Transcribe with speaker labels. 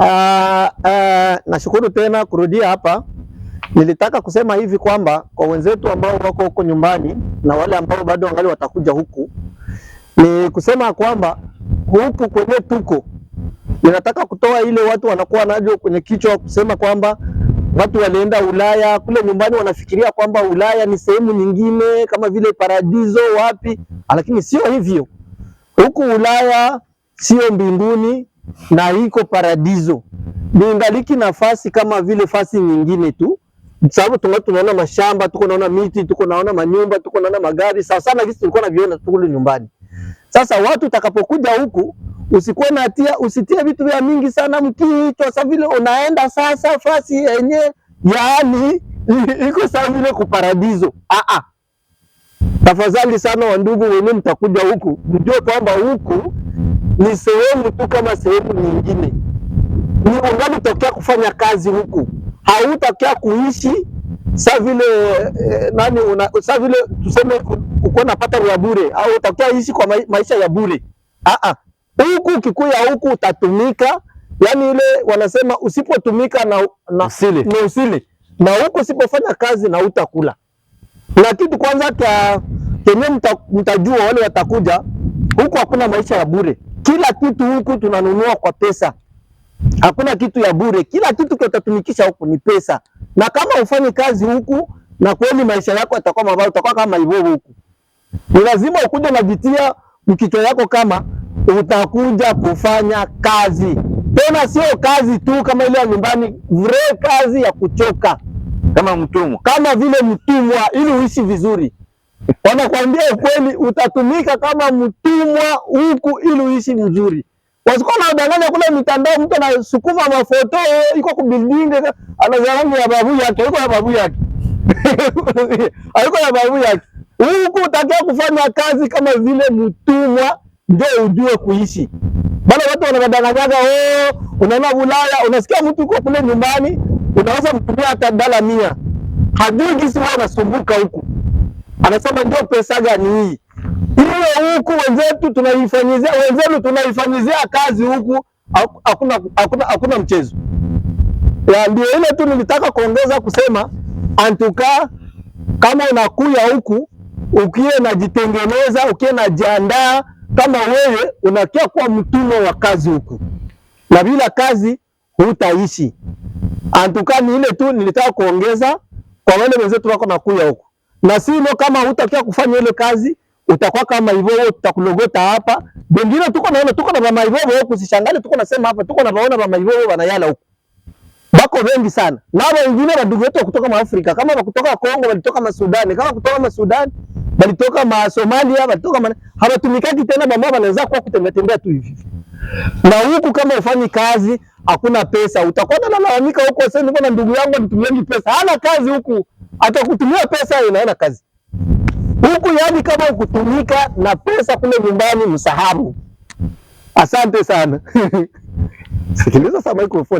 Speaker 1: Ah, ah, nashukuru tena kurudia hapa. Nilitaka kusema hivi kwamba kwa wenzetu ambao wako huko nyumbani na wale ambao bado wangali watakuja huku ni kusema kwamba huku kwenye tuko, ninataka kutoa ile watu wanakuwa nayo kwenye kichwa kusema kwamba watu walienda Ulaya kule nyumbani, wanafikiria kwamba Ulaya ni sehemu nyingine kama vile paradizo wapi, ah, lakini sio hivyo. Huku Ulaya sio mbinguni na iko paradiso ningaliki nafasi kama vile fasi nyingine tu, sababu tunga tunaona mashamba, tuko naona miti, tuko naona manyumba, tuko naona magari sawa sana gisi tulikuwa na viona tukuli nyumbani. Sasa watu utakapokuja huku usikuwe na atia, usitie vitu vya mingi sana mkiitwa sawa vile unaenda sasa fasi yenye yani iko sawa vile kuparadiso. Ah ah, tafadhali sana wandugu, wenyewe mtakuja huku mjue kwamba huku ni sehemu tu kama sehemu nyingine. Ni tokea kufanya kazi huku, hautokea kuishi sa vile eh, nani una, sa vile tuseme uko napata ya bure au utakia ishi kwa maisha ya bure ah huku -ah. Kikuya huku utatumika, yani ile wanasema usipotumika na, na usile na usile na huku usipofanya kazi na utakula. Na kitu kwanza kenye mtajua wale watakuja huku, hakuna maisha ya bure. Kila kitu huku tunanunua kwa pesa, hakuna kitu ya bure. Kila kitu kitatumikisha huku ni pesa, na kama ufanye kazi huku na kweli maisha yako yatakuwa mabaya, utakuwa kama ibovu huku. Ni lazima ukuje jitia mkichwa yako kama utakuja kufanya kazi, tena sio kazi tu kama ile ya nyumbani, vre kazi ya kuchoka kama mtumwa, kama vile mtumwa, ili uishi vizuri wanakwambia ukweli, utatumika kama mtumwa huku ili uishi mzuri. Wasikuwa wanadanganya kule mitandao, mtu anasukuma mafoto iko ku building anazaranga ya babu yake, iko ya babu yake aiko ya babu yake. Huku utakia kufanya kazi kama vile mtumwa, ndio ujue kuishi bana. Watu wanadadanyaga oh, unaona Ulaya, unasikia mtu uko kule nyumbani, unaweza mtumia hata dala mia, hajui kisi anasumbuka huku anasema ndio pesa gani hii hiyo huku wenzetu tunaifanyizia wenzetu tunaifanyizia kazi huku, hakuna hakuna hakuna mchezo. Na ndio ile tu nilitaka kuongeza kusema antuka, kama unakuya huku ukiwa unajitengeneza ukiwa unajiandaa kama wewe unakia kuwa mtuno wa kazi huku, na bila kazi hutaishi. Antuka ni ile tu nilitaka kuongeza kwa wale wenzetu wako nakuya huku na silo kama hutakia kufanya ile kazi utakuwa kama hivyo wewe, tutakulogota hapa. Wengine tuko naona tuko na mama hivyo wewe, kusishangale tuko nasema hapa, tuko na baona mama hivyo wewe wanayala huko, bako wengi sana. Na wengine wa ndugu wetu kutoka Afrika, kama wa kutoka Kongo, walitoka ma Masudani, kama kutoka ma Masudani, walitoka ma Somalia, walitoka ma... hawatumikaki tena, mama wanaweza kwa kutembea tembea tu hivi. Na huku kama ufanyi kazi, hakuna pesa, utakuwa unalalamika huko, sasa ndugu yangu anitumie pesa, hana kazi huku hata kutumia pesa inaenda kazi huku, yani kama ukutumika na pesa kule nyumbani, msahabu. Asante sana. Sikiliza sasa microphone.